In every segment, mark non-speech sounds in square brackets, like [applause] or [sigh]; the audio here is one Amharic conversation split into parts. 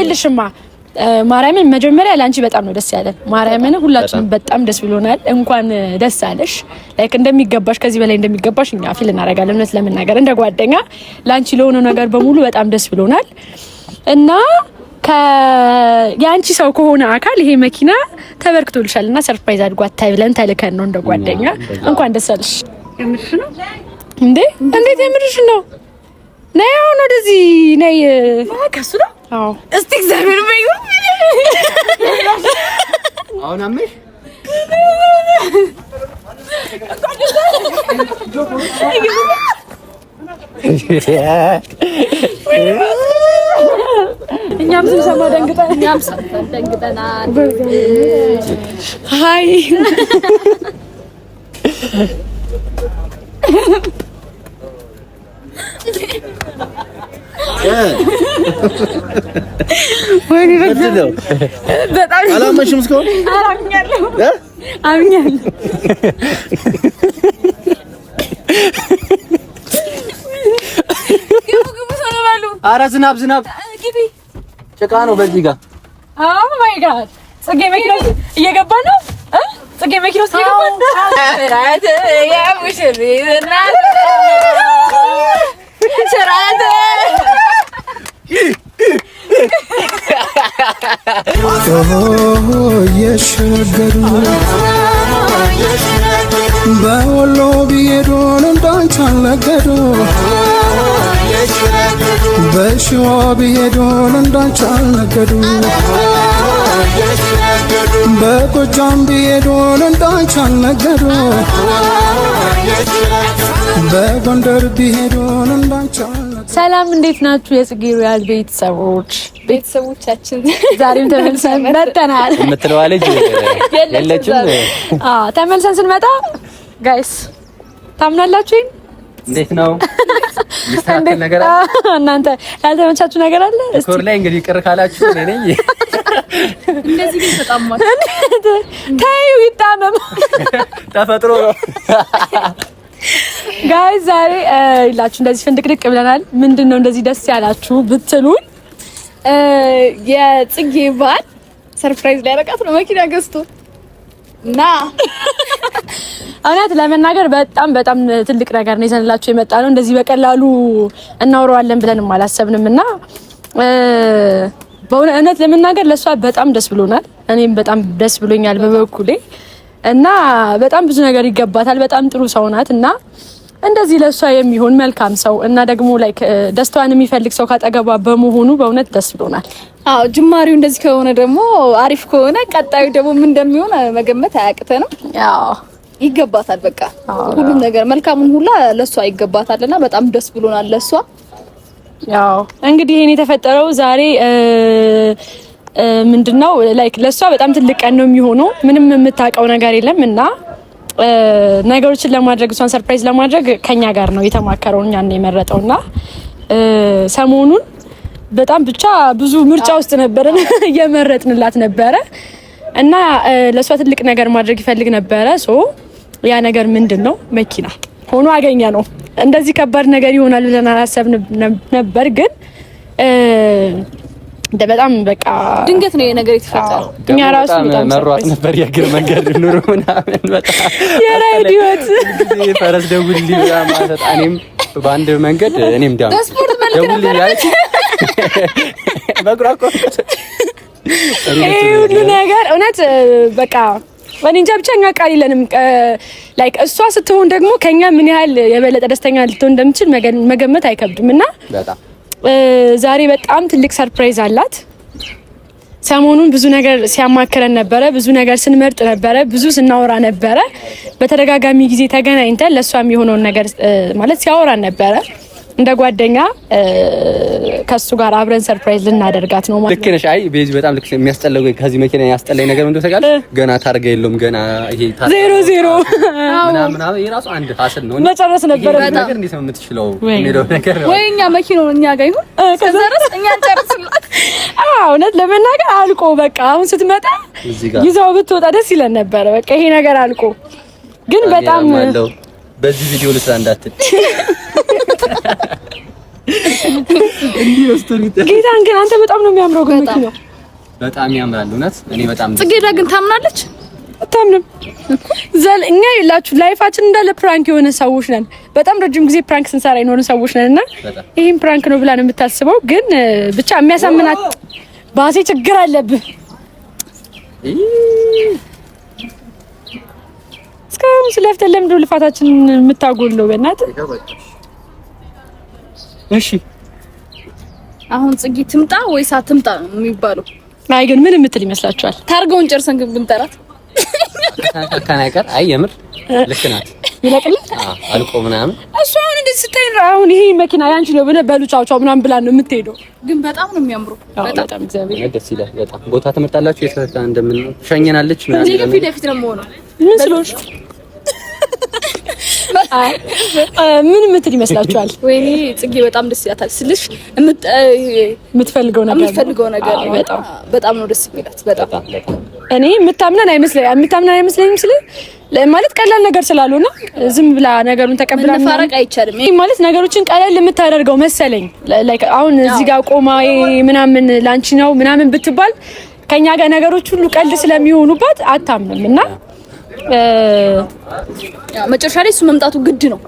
ይልሽማ ማርያምን መጀመሪያ ለአንቺ በጣም ነው ደስ ያለን። ማርያምን ሁላችንም በጣም ደስ ብሎናል። እንኳን ደስ አለሽ። ላይክ እንደሚገባሽ ከዚህ በላይ እንደሚገባሽ እኛ ፊል እናደርጋለን። እውነት ለመናገር እንደ ጓደኛ ለአንቺ ለሆነ ነገር በሙሉ በጣም ደስ ብሎናል እና የአንቺ ሰው ከሆነ አካል ይሄ መኪና ተበርክቶልሻል እና ሰርፕራይዝ አድጓት ታይ ተልከን ነው እንደ ጓደኛ። እንኳን ደስ አለሽ። እንዴ እንዴት የምርሽ ነው ነይ አሁን ወደዚህ ነይ። ከሱ ነው። አዎ እስቲ እግዚአብሔር በይ። አሁን አመሽ እኛም ስንሰማ ደንግጠናል። እኛም ደንግጠናል። ሀይ አላመንሽም እስካሁን? አምኛለሁ። ዝናብ ዝናብ ጭቃ ነው በዚህ ጋር ጽጌ መኪኖስ እየገባ ነው። ጽጌ መኪኖስ እየገባ ነው። እየሸነገዱ በወሎ ብሄዶን እንዳንቺ አልነገዱ በሽዋ ብሄዶን እንዳንቺ አልነገዱ በጎጃም ብሄዶን እንዳንቺ አልነገዱ በጎንደር ብሄዶን እንዳንቺ ሰላም እንዴት ናችሁ? የጽጌ ሮያል ቤተሰቦች ቤተሰቦቻችን ዛሬም ተመልሰን መጥተናል። የምትለዋ ልጅ [laughs] የለችም። አዎ ተመልሰን ስንመጣ ጋይስ ታምናላችሁ? እንዴት ነው ሚስተካከል ነገር አለ? እናንተ ያልተመቻችሁ ነገር አለ? እስቲ ላይ እንግዲህ ቅር ካላችሁ እኔ ነኝ። እንደዚህ ግን ተጣማችሁ ተይው፣ ይጣመም ተፈጥሮ ነው። ጋይ ዛሬ ይላችሁ እንደዚህ ፍንድቅድቅ ብለናል። ምንድን ነው እንደዚህ ደስ ያላችሁ ብትሉን የጽጌ ባል ሰርፕራይዝ ሊያረቃት ነው መኪና ገዝቶ እና እውነት ለመናገር በጣም በጣም ትልቅ ነገር ነው ይዘንላችሁ የመጣ ነው። እንደዚህ በቀላሉ እናውረዋለን ብለንም አላሰብንም እና በእውነት ለመናገር ለእሷ በጣም ደስ ብሎናል። እኔም በጣም ደስ ብሎኛል በበኩሌ እና በጣም ብዙ ነገር ይገባታል። በጣም ጥሩ ሰው ናት እና እንደዚህ ለእሷ የሚሆን መልካም ሰው እና ደግሞ ላይክ ደስታዋን የሚፈልግ ሰው ካጠገቧ በመሆኑ በእውነት ደስ ብሎናል። አዎ ጅማሬው እንደዚህ ከሆነ ደግሞ አሪፍ ከሆነ ቀጣዩ ደግሞ ምን እንደሚሆን መገመት አያቅተንም። አዎ ይገባታል። በቃ ሁሉም ነገር መልካሙን ሁላ ለእሷ ይገባታል እና በጣም ደስ ብሎናል ለእሷ። እንግዲህ ይሄን የተፈጠረው ዛሬ ምንድነው ላይክ ለእሷ በጣም ትልቅ ቀን ነው የሚሆነው። ምንም የምታውቀው ነገር የለም እና ነገሮችን ለማድረግ እሷን ሰርፕራይዝ ለማድረግ ከኛ ጋር ነው የተማከረው፣ እኛ ነው የመረጠው እና ሰሞኑን በጣም ብቻ ብዙ ምርጫ ውስጥ ነበረን፣ [laughs] እየመረጥንላት ነበረ እና ለእሷ ትልቅ ነገር ማድረግ ይፈልግ ነበረ። ሶ ያ ነገር ምንድን ነው መኪና ሆኖ አገኘ ነው። እንደዚህ ከባድ ነገር ይሆናል ብለን አላሰብን ነበር ግን በጣም በቃ ድንገት ነው የነገር የተፈጠረው። እኛ ራሱ መሯት ነበር የእግር መንገድ ኑሮ ምናምን በጣም [laughs] ፈረስ ማለት እኔም በአንድ መንገድ እኔም በስፖርት መልክ [laughs] ሁሉ ነገር እውነት በቃ እኔ እንጃ ብቻ እኛ ቃል የለንም። ላይክ እሷ ስትሆን ደግሞ ከኛ ምን ያህል የበለጠ ደስተኛ ልትሆን እንደምችል መገመት አይከብድም እና ዛሬ በጣም ትልቅ ሰርፕራይዝ አላት። ሰሞኑን ብዙ ነገር ሲያማክረን ነበረ፣ ብዙ ነገር ስንመርጥ ነበረ፣ ብዙ ስናወራ ነበረ። በተደጋጋሚ ጊዜ ተገናኝተን ለእሷ የሆነውን ነገር ማለት ሲያወራን ነበረ እንደ ጓደኛ ከሱ ጋር አብረን ሰርፕራይዝ ልናደርጋት ነው ማለት። ነው። ልክ ነሽ። አይ ቤዚ በጣም ልክ የሚያስጠላው ከዚህ መኪና ያስጠላኝ ነገር ምንድነው ታውቃለህ? ገና ታርጋ የለውም ገና ይሄ ዜሮ ዜሮ ምናምን የራሱ አንድ ሀስል ነው። መጨረስ ነበር ነገር እንዴት ነው የምትችለው የሚለው ነገር ነው። ወይ እኛ መኪናው እኛ ጋር ይሁን ከዛ እኛ እንጨርስላት። [laughs] አዎ እውነት ለመናገር አልቆ በቃ አሁን ስትመጣ ይዘው ብትወጣ ደስ ይለን ነበረ። በቃ ይሄ ነገር አልቆ ግን በጣም በዚህ ቪዲዮ ልስራ እንዳትል [laughs] ጌታን ግን አንተ በጣም ነው የሚያምረው። ግን በጣም ያምራል። እውነት እኔ በጣም ጽጌዳ ግን ታምናለች አታምንም? ዘል እኛ የላችሁ ላይፋችን እንዳለ ፕራንክ የሆነ ሰዎች ነን። በጣም ረጅም ጊዜ ፕራንክ ስንሰራ የሆነ ሰዎች ነን እና ይህም ፕራንክ ነው ብላን የምታስበው። ግን ብቻ የሚያሳምናት ባሴ ችግር አለብህ እስካሁን ስለፍተን ለምንድን ነው ልፋታችንን የምታጎለው? በእናትህ እሺ አሁን ጽጌ ትምጣ ወይስ አትምጣ ነው የሚባለው? አይ ግን ምን የምትል ይመስላችኋል? ታርገውን ጨርሰን ግን ብንጠራት ከነገር አይ የምር ልክ ናት ይለቅል አልቆ ምናምን እሱ አሁን እንደዚህ ስታይ ነው አሁን ይሄ መኪና ያንቺ ነው ብለህ በሉ ጫው ቻው ምናምን ብላ ነው የምትሄደው። ግን በጣም ነው የሚያምሩ። በጣም እግዚአብሔር ደስ ይላል። በጣም ቦታ ትመርጣላችሁ። የሰታ እንደምን ሸኘናለች ምናምን ፊት ለፊት ነው የምሆነው ምን ስለሆነ [laughs] ምን ምትል ይመስላችኋል? ወይኔ ጽጌ በጣም ደስ ይላታል ስልሽ የምትፈልገው ነገር የምትፈልገው ነገር በጣም በጣም ነው ደስ የሚላት። በጣም እኔ የምታምነን አይመስለኝ የምታምነን አይመስለኝም ስለ ማለት ቀላል ነገር ስላልሆነ ዝም ብላ ነገሩን ተቀብላ መፋረቅ አይቻልም። ይሄ ማለት ነገሮችን ቀላል የምታደርገው መሰለኝ። ላይክ አሁን እዚህ ጋር ቆማ ምናምን ላንቺ ነው ምናምን ብትባል ከኛ ጋር ነገሮች ሁሉ ቀልድ ስለሚሆኑባት አታምንም እና መጨረሻ ላይ እሱ መምጣቱ ግድ ነው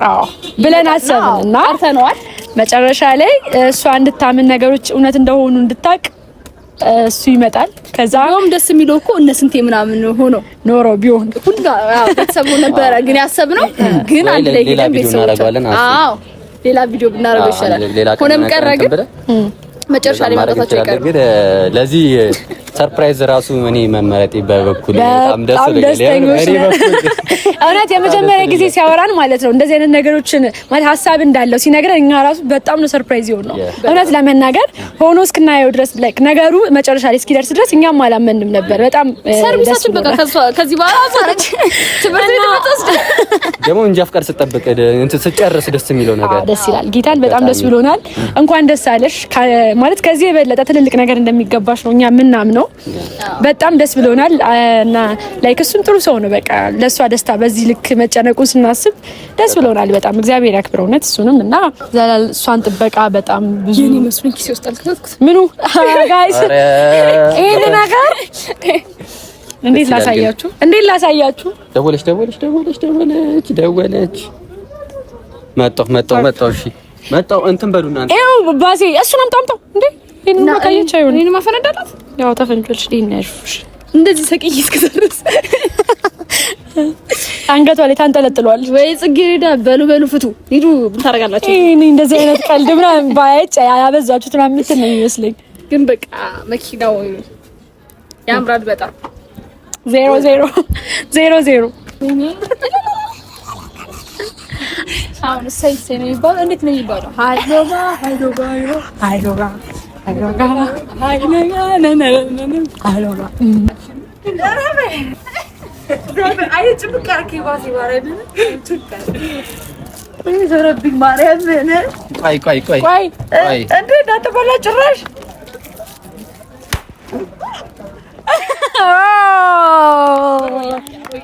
ብለን አሰብን እና አርተነዋል። መጨረሻ ላይ እሷ እንድታምን ነገሮች እውነት እንደሆኑ እንድታቅ እሱ ይመጣል። ከዛ ቢሆን ደስ የሚለው እኮ እነ ስንቴ ምናምን ሆኖ ኖሮ ቢሆን ሁሉ ቤተሰቡ ነበረ። ግን ያሰብነው ግን አንድ ላይ ግን ቤተሰቡ አዎ፣ ሌላ ቪዲዮ ብናረገው ይሻላል። ሆነም ቀረ ግን መጨረሻ ላይ መምጣታቸው ይቀር ለዚህ ሰርፕራይዝ ራሱ እኔ መመረጤ በበኩል በጣም ደስ ይለኛል። [laughs] እውነት የመጀመሪያ ጊዜ ሲያወራን ማለት ነው እንደዚህ አይነት ነገሮችን ማለት ሀሳብ እንዳለው ሲነግረን እኛ ራሱ በጣም ነው ሰርፕራይዝ የሆነው። ነው እውነት ለመናገር ሆኖ እስክናየው ድረስ ላይክ ነገሩ መጨረሻ ላይ እስኪደርስ ድረስ እኛም አላመንም ነበር። በጣም ሰርቪሳችን በቃ ከዚህ በኋላ ሰርች [laughs] ትምህርት ቤት መጣስ [laughs] ደግሞ እንጃ ፍቃድ ስጠብቅ እንትን ስጨርስ ደስ የሚለው ነገር ደስ ይላል። ጌታን በጣም ደስ ብሎናል። እንኳን ደስ አለሽ ማለት ከዚህ የበለጠ ትልልቅ ነገር እንደሚገባሽ ነው እኛ ምናምነው በጣም ደስ ብሎናል እና ላይክ እሱም ጥሩ ሰው ነው። በቃ ለእሷ ደስታ በዚህ ልክ መጨነቁ ስናስብ ደስ ብሎናል በጣም እግዚአብሔር ያክብረው እውነት እሱንም እና እሷን ጥበቃ በጣም ብዙ መስሎኝ ኪሴ ውስጥ አልከተትኩት ምኑ ጋይስ ይህን ነገር እንዴት ላሳያችሁ? እንዴት ላሳያችሁ? ደወለች ደወለች ደወለች ደወለች ደወለች። መጣሁ መጣሁ መጣሁ። እሺ መጣሁ። እንትን በሉና እናንተ። ይኸው ባሴ እሱን አምጣው አምጣው እንዴ ይሄንማ ቀየች አይሆን ይሄንማ ፈነዳላት። ያው ተፈንጆች እንደዚህ ሰቅዬ እስከተረስ አንገቷ ላይ ታንጠለጥሏል። ወይ ጽጌረዳ በሉ በሉ ፍቱ ሂዱ ታደርጋላችሁ። ይሄን እንደዚህ አይነት ቀልድ ምናምን ባያጭ ያበዛችሁት ምናምን የምትል ነው የሚመስለኝ። ግን በቃ መኪናው ያምራል በጣም ዜሮ ዜሮ ዜሮ ዜሮ አሁን ሰይሴ ነው የሚባለው። እንዴት ነው የሚባለው? ሀይዶጋ ሀይዶጋ ሀይዶጋ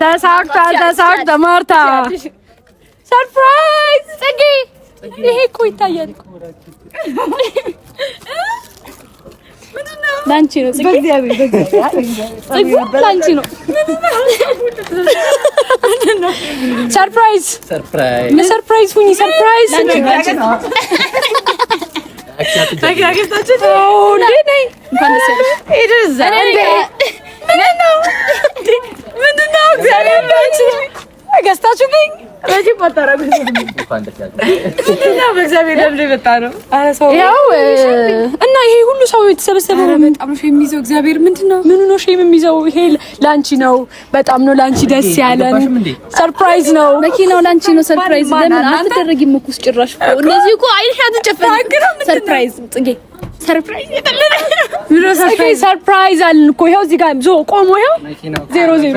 ተሳክቷል። ተሳክቷ ማርታ ሰርፕራይዝ ጽጌ፣ ይሄ እኮ ይታያል። ላንቺ ነው ጽጌ፣ ላንቺ ነው። ሰርፕራይዝ ሰርፕራይዝ ሁኚ። ሰርፕራይዝ ገዝታችሁልኝ ረጅም ባታረጉ እና ይሄ ሁሉ ሰው የተሰበሰበው በጣም ነው የሚይዘው። እግዚአብሔር ምንድን ነው ምኑ ነው ሼም የሚይዘው? ይሄ ላንቺ ነው። በጣም ነው ላንቺ ደስ ያለን። ሰርፕራይዝ ነው። መኪናው ላንቺ ነው። ሰርፕራይዝ ለምን አትደረጊም? እኮ ጭራሽ እኮ እንደዚህ እኮ አይንሽ አትጨፈን። ሰርፕራይዝ ጽጌ ሰርፕራይዝ አለን እኮ ይኸው እዚህ ጋር ዞ ቆሞ ይኸው ዜሮ ዜሮ።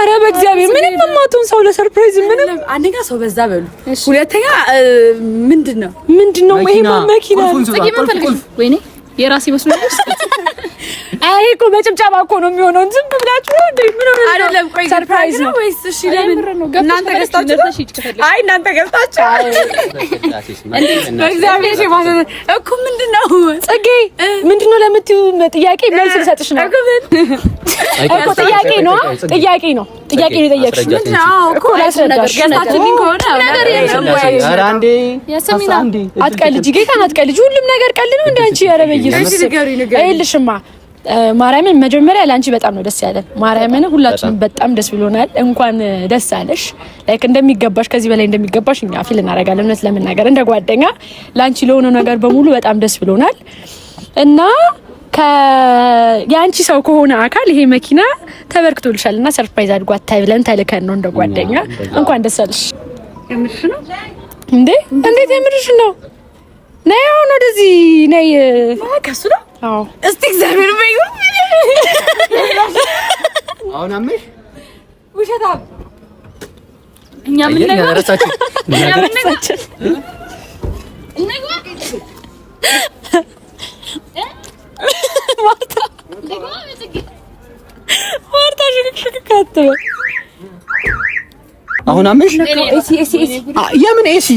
ኧረ በእግዚአብሔር ምንም የማትሆን ሰው ለሰርፕራይዝ ምንም። አንደኛ ሰው በዛ በሉ፣ ሁለተኛ ምንድን ነው ምንድን ነው ይሄ መኪና የራሴ መስሎኝ አይ እኮ በጭብጨባ እኮ ነው የሚሆነው። ዝም ብላችሁ ነው እንዴ? ምን ሆነ? አይደለም፣ ቆይ ሰርፕራይዝ ነው ወይስ? እሺ፣ ለምን እናንተ ገዝታችሁ? አይ እናንተ ገዝታችሁ በእግዚአብሔር ይባሰል እኮ ምንድን ነው ጽጌ፣ ምንድን ነው ለምትዩ ጥያቄ መልስ ልሰጥሽ ነው እኮ። ጥያቄ ነው ጥያቄ ነው ጥያቄ ነው የጠየቅሽ። ምንድን ነው እኮ ላስረዳሽ። ምን ከሆነ ነገር አንዴ አትቀልጂ፣ ጌታን አትቀልጂ። ሁሉም ነገር ቀልድ ነው እንዳንቺ። ኧረ በየሱስ ይልሽማ ማርያምን መጀመሪያ ለአንቺ በጣም ነው ደስ ያለን። ማርያምን ሁላችንም በጣም ደስ ብሎናል። እንኳን ደስ አለሽ። ላይክ እንደሚገባሽ ከዚህ በላይ እንደሚገባሽ እኛ ፊል እናደርጋለን። እውነት ለመናገር እንደ ጓደኛ ለአንቺ ለሆነ ነገር በሙሉ በጣም ደስ ብሎናል እና የአንቺ ሰው ከሆነ አካል ይሄ መኪና ተበርክቶልሻል እና ሰርፕራይዝ አድጓት ታይ ብለን ተልከን ነው እንደ ጓደኛ። እንኳን ደስ አለሽ። የምርሽ ነው እንዴ? እንዴት የምርሽ ነው? ነይ አሁን ወደዚህ ነይ። ከሱ ነው እስቲ እግዚአብሔር በይ። አሁን አመሽ ውሸታ እኛ ምን ነገር አሁን አመሽ የምን ኤሲ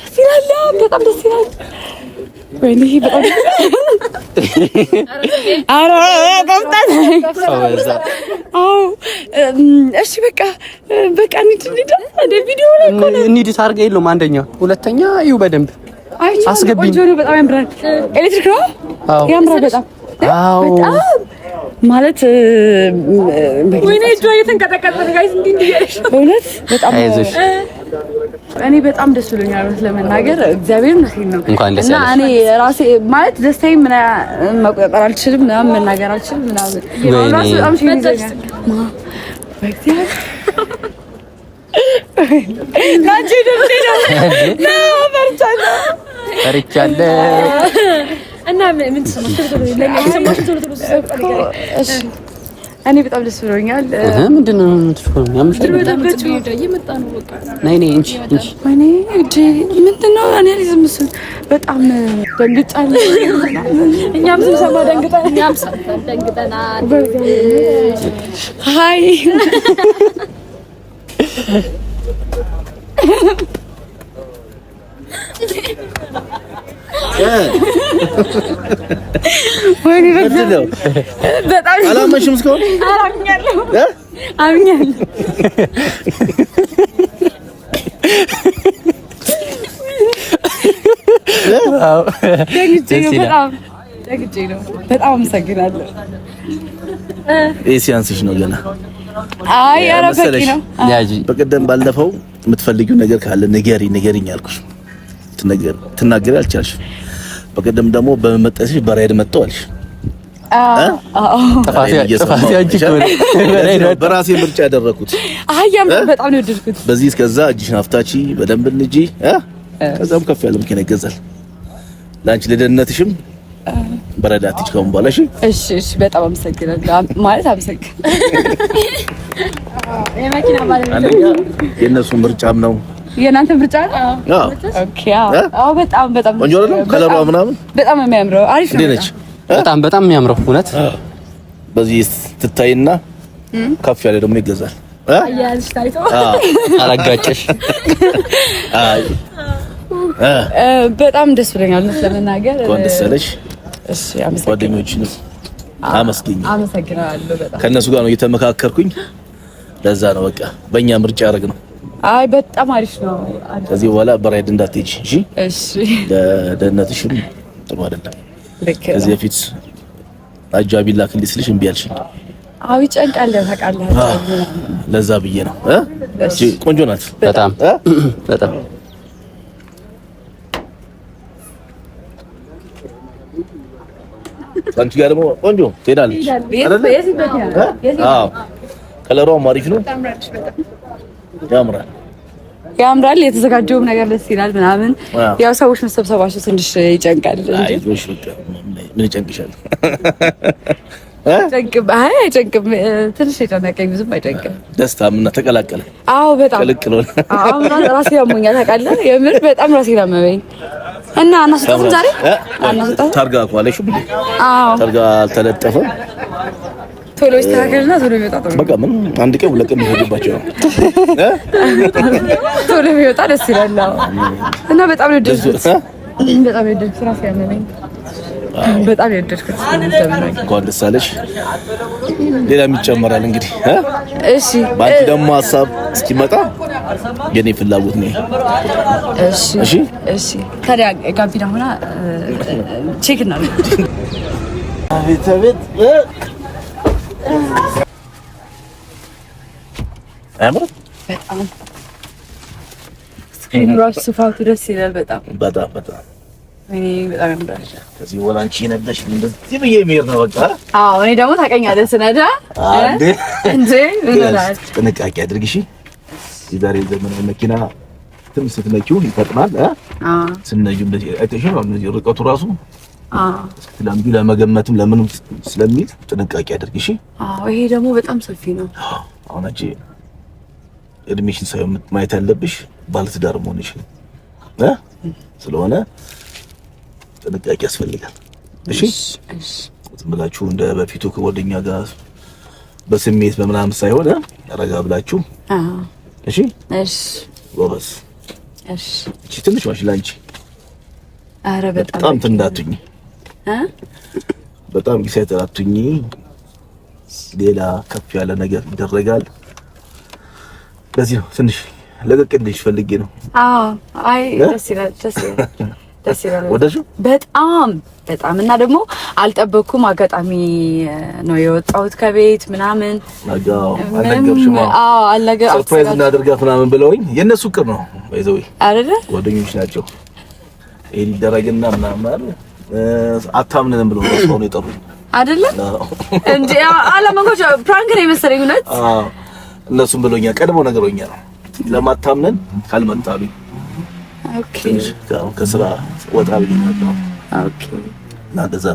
ደስ ይላል። በጣም ደስ ይላል። ወይኔ በጣም ኧረ ቆምጣት። አዎ እሺ፣ በቃ በቃ እንሂድ፣ እንሂድ። ቪዲዮ ላይ እኮ ነው እንሂድ። ታርጋ የለውም አንደኛ፣ ሁለተኛ ይኸው በደንብ አስገብኝ። በጣም ያምራል። ኤሌክትሪክ ነው ያምራል በጣም ማለት ወይኔ እጇ እየተንቀጠቀጠ ጋይስ፣ እንዲህ እንዲህ ያለሽ እውነት በጣም እኔ በጣም ደስ ብሎኛል። እውነት ለመናገር እግዚአብሔር ይመስገን ነው እና እኔ ራሴ ማለት ደስታዬ ምን መቆጣጠር አልችልም፣ ምናምን መናገር አልችልም ምናምን ራሱ በጣም ሽ ይዘኛል ናቸው ደስ ይላል ነው ፈርቻለሁ ፈርቻለሁ እና ምን እኔ በጣም ደስ ብሎኛል። ምንድን ነው በጣም ደንግጫል። እኛም ስንሰማ ደንግጠናል። አላመሽም እስካሁን? በጣም ሲያንስሽ ነው ገና። አይ ኧረ በቂ ነው። በቀደም ባለፈው የምትፈልጊው ነገር ካለ ንገሪ ንገሪኝ አልኩሽ፣ ትናገሪ አልቻልሽም። በቀደም ደግሞ በመመጠስሽ በራይድ መጥተዋልሽ። በራሴ ምርጫ ያደረኩት በዚህ እስከዛ እጅሽን በደንብ እንጂ ከዛም ከፍ ያለ መኪና ይገዛል ለአንቺ ለደህንነትሽም በረዳት ይችላል በኋላ። እሺ እሺ በጣም አመሰግናለሁ ማለት አመሰግናለሁ። የመኪና ማለት የእነሱ ምርጫም ነው። የእናንተ ምርጫ ነው። በጣም በጣም ቆንጆ ነው። ከለሯ ምናምን በጣም የሚያምረው አሪፍ ነው። በጣም በጣም የሚያምረው እውነት። በዚህ ትታይና ከፍ ያለ ደግሞ ይገዛል። አያልሽ [laughs] አላጋጨሽ። በጣም ደስ ብለኛል ለመናገር። እንኳን ደስ አለሽ። ነው አመስግኝ። አመሰግናለሁ። በጣም ከእነሱ ጋር ነው እየተመካከርኩኝ። ለዛ ነው በቃ በእኛ ምርጫ ያደረግ ነው አይ በጣም አሪፍ ነው። ከዚህ በኋላ በራይድ እንዳትሄጂ እሺ? እሺ። ለደህንነትሽም ጥሩ አይደለም። ከዚህ በፊት አጃቢ ላክልኝ ስልሽ እምቢ አልሽኝ። አዎ ይጨንቃል፣ ታውቃለህ። ለዛ ብዬ ነው። እሺ፣ ቆንጆ ናት በጣም በጣም አንቺ ጋር ደግሞ ቆንጆ ትሄዳለች አይደል? አዎ፣ ከለሯም አሪፍ ነው፣ ያምራል ያምራል። የተዘጋጀውም ነገር ደስ ይላል ምናምን። ያው ሰዎች መሰብሰባቸው ትንሽ ይጨንቃል። ምን ይጨንቅሻል? [laughs] አይጨንቅም። አይ አይጨንቅም። ትንሽ የጨነቀኝ ብዙም አይጨንቅም። ደስታ ምና ተቀላቀለ። አዎ በጣም ተቀላቀለ። አዎ ራሴ ያሞኛል ታውቃለህ። የምር በጣም ራሴ ላመመኝ እና አናስጣትም ዛሬ ታርጋ ኳለሽ። አዎ ታርጋ አልተለጠፈም ቶሎ ይስተካከልና ቶሎ ይወጣ። በቃ ምንም አንድ ቀን ሁለት ቀን የሚሄድባቸው ነው። ቶሎ ይወጣ ደስ ይላል። እና በጣም ነው ደስ በጣም የወደድኩት ራሴ ያመመኝ በጣም የወደድኩት። እንኳን ደስ አለሽ። ሌላ የሚጨመራል እንግዲህ። እሺ፣ በአንቺ ደግሞ ሀሳብ እስኪመጣ የኔ ፍላጎት ነው። እሺ፣ እሺ፣ እሺ። ታዲያ ጋቢና ሆና ቼክ እናደርግ ቤት በጣም ራሱ ስፋቱ ደስ ይላል። በጣም በጣም በጣም ከዚህ በኋላ አንቺ ነብለሽ እንደዚህ ብዬ የሚሄድ ነው በቃ። አዎ እኔ ደግሞ ታውቀኛለህ፣ ስነዳ እንዴ ጥንቃቄ አድርግ እሺ። የዛሬ ዘመን መኪና ትም ስትነኪው ይፈጥናል። ስነጁ እንደዚህ አይተሽው ነው እነዚህ ርቀቱ ራሱ ስትለምዱ ለመገመትም ለምንም ስለሚል ጥንቃቄ አድርጊ። እሺ። አዎ፣ ይሄ ደግሞ በጣም ሰፊ ነው። አሁን አንቺ እድሜሽን ሳይሆን ማየት ያለብሽ ባለትዳር መሆንሽን ስለሆነ ጥንቃቄ ያስፈልጋል። እሺ። ዝም ብላችሁ እንደ በፊቱ ከጓደኛ ጋር በስሜት በምናምን ሳይሆን ረጋ ብላችሁ። እሺ። እሺ። ጎበዝ። እሺ። ትንሽ ማሽላንቺ አረ በጣም ትንዳቱኝ በጣም ጊዜ ተራቱኝ። ሌላ ከፍ ያለ ነገር ይደረጋል። ለዚህ ነው ትንሽ ለቀቅ እንደሽ ፈልጌ ነው። አዎ፣ አይ ደስ ይላል፣ ደስ ይላል፣ ደስ ይላል። ወደሽ በጣም በጣም እና ደግሞ አልጠበኩም። አጋጣሚ ነው የወጣሁት ከቤት ምናምን። አጋው አልነገርሽም? ሰርፕራይዝ እናደርጋት ምናምን ብለውኝ የእነሱ ቅር ነው ይዘው አይደለ ጓደኞች ናቸው ይሄ ይደረግና ምናምን አይደል አታምነንም ብሎ ነው የጠሩኝ አይደለ እንዴ? አላመንኮች ፕራንክ ነው የመሰለኝ። እውነት እነሱም ብሎኛል፣ ቀድሞ ነገሮኛል። ለማታምነን ካልመጣሉ ኦኬ፣ ከስራ ወጣ ብዬ ነው። ኦኬ፣ እና እንደዛ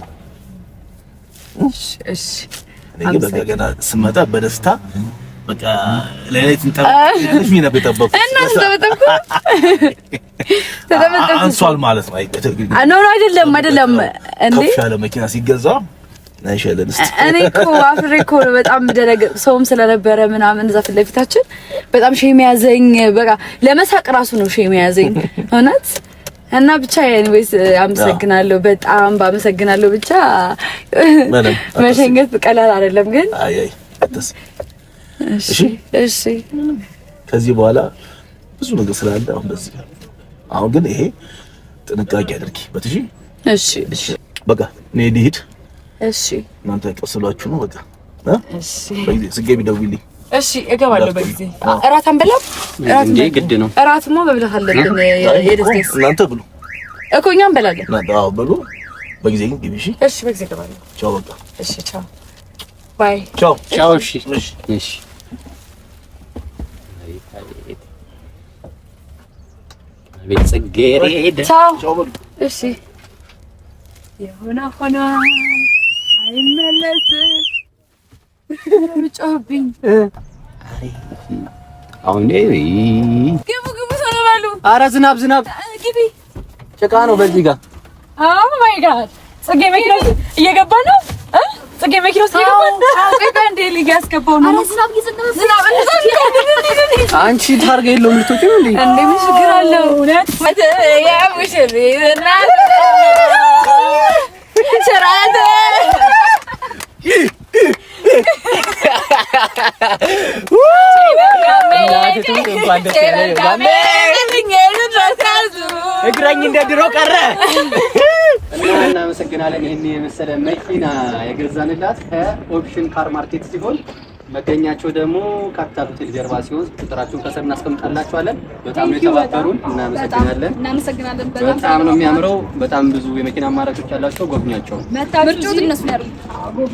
እሺ፣ እሺ። እኔ በቃ ገና ስመጣ በደስታ በቃ ለሌሊት አንሷል ማለት ነው። አይደለም አይደለም እንዴ ያለ መኪና ሲገዛ ናይሸለን እኔ እኮ አፍሬ እኮ ነው በጣም ደረገ ሰውም ስለነበረ ምናምን እዛ ፊት ለፊታችን በጣም ሼም ያዘኝ። በቃ ለመሳቅ ራሱ ነው ሼም ያዘኝ እውነት። እና ብቻ ኤኒዌይስ አመሰግናለሁ፣ በጣም ባመሰግናለሁ። ብቻ መሸኘት ቀላል አይደለም ግን እሺ እሺ። ከዚህ በኋላ ብዙ ነገር ስላለ አሁን በዚህ አሁን ግን ይሄ ጥንቃቄ አድርጊ። እሺ እሺ እሺ። በቃ እኔ ልሂድ። እሺ እናንተ ቀስሏችሁ ነው። በቃ እሺ። በጊዜ ስትገቢ ደውይልኝ። እሺ እገባለሁ። በጊዜ እራት አንበላም። እራት እንደ ግድ ነው። እራትማ መብላት አለብን። የደስ እናንተ ብሉ እኮ እኛ እንበላለን። አዎ ብሉ። በጊዜ ግን ግቢ። እሺ እሺ። በጊዜ እገባለሁ። ቻው። በቃ እሺ። ቻው ባይ። ቻው ቻው። እሺ እሺ። እሺ የሆነ ሆነ አይመለስም። ጮህብኝ። አሁን ግቡ ግቡ ሰው ነው ባሉ። ኧረ ዝናብ ዝናብ ግቢ ጭቃ ነው በዚህ ጋር። ኦ ማይ ጋድ ጽጌ መኪና እየገባ ነው ጽጌ መኪና ውስጥ ያስገባው ነው። አንቺ ታርጋ የለውም ልትወጪው እንዴ? እንዴ ምን ችግር አለው? እግራኝ እንደ ድሮ ቀረ። እናመሰግናለን። ይህን የመሰለ መኪና የገዛንላት ከኦፕሽን ካር ማርኬት ሲሆን መገኛቸው ደግሞ ካፒታል ሆቴል ጀርባ ሲሆን ቁጥራቸውን ከስር እናስቀምጣላቸዋለን። በጣም ነው የተባበሩን። እናመሰግናለን። በጣም ነው የሚያምረው። በጣም ብዙ የመኪና አማራጮች ያላቸው ጎብኛቸው። ምርጫውን እነሱ ያደርጉ